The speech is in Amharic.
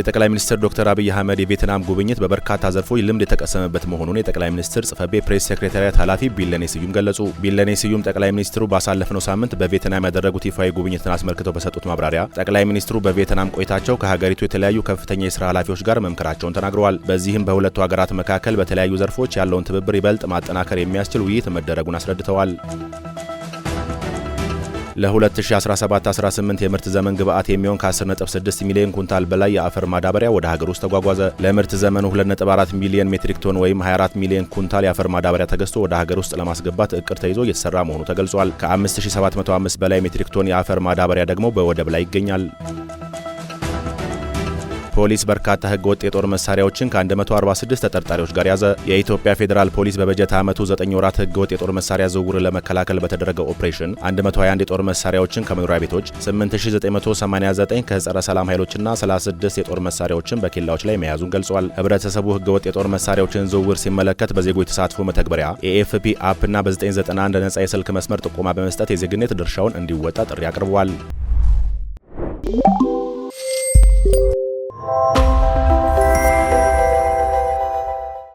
የጠቅላይ ሚኒስትር ዶክተር አብይ አህመድ የቬትናም ጉብኝት በበርካታ ዘርፎች ልምድ የተቀሰመበት መሆኑን የጠቅላይ ሚኒስትር ጽሕፈት ቤት ፕሬስ ሴክሬታሪያት ኃላፊ ቢለኔ ስዩም ገለጹ። ቢለኔ ስዩም ጠቅላይ ሚኒስትሩ ባሳለፍነው ሳምንት በቬትናም ያደረጉት ይፋዊ ጉብኝትን አስመልክተው በሰጡት ማብራሪያ ጠቅላይ ሚኒስትሩ በቬትናም ቆይታቸው ከሀገሪቱ የተለያዩ ከፍተኛ የስራ ኃላፊዎች ጋር መምከራቸውን ተናግረዋል። በዚህም በሁለቱ ሀገራት መካከል በተለያዩ ዘርፎች ያለውን ትብብር ይበልጥ ማጠናከር የሚያስችል ውይይት መደረጉን አስረድተዋል። ለ2017-18 የምርት ዘመን ግብዓት የሚሆን ከ10.6 ሚሊዮን ኩንታል በላይ የአፈር ማዳበሪያ ወደ ሀገር ውስጥ ተጓጓዘ። ለምርት ዘመኑ 2.4 ሚሊዮን ሜትሪክ ቶን ወይም 24 ሚሊዮን ኩንታል የአፈር ማዳበሪያ ተገዝቶ ወደ ሀገር ውስጥ ለማስገባት እቅድ ተይዞ እየተሰራ መሆኑ ተገልጿል። ከ5705 በላይ ሜትሪክ ቶን የአፈር ማዳበሪያ ደግሞ በወደብ ላይ ይገኛል። ፖሊስ በርካታ ህገወጥ የጦር መሳሪያዎችን ከ146 ተጠርጣሪዎች ጋር ያዘ። የኢትዮጵያ ፌዴራል ፖሊስ በበጀት ዓመቱ 9 ወራት ህገወጥ የጦር መሳሪያ ዝውውር ለመከላከል በተደረገ ኦፕሬሽን 121 የጦር መሳሪያዎችን ከመኖሪያ ቤቶች፣ 8989 ከጸረ ሰላም ኃይሎችና 36 የጦር መሳሪያዎችን በኬላዎች ላይ መያዙን ገልጿል። ህብረተሰቡ ህገወጥ የጦር መሳሪያዎችን ዝውውር ሲመለከት በዜጎች ተሳትፎ መተግበሪያ የኤፍፒ አፕና በ991 ነጻ የስልክ መስመር ጥቆማ በመስጠት የዜግነት ድርሻውን እንዲወጣ ጥሪ አቅርቧል።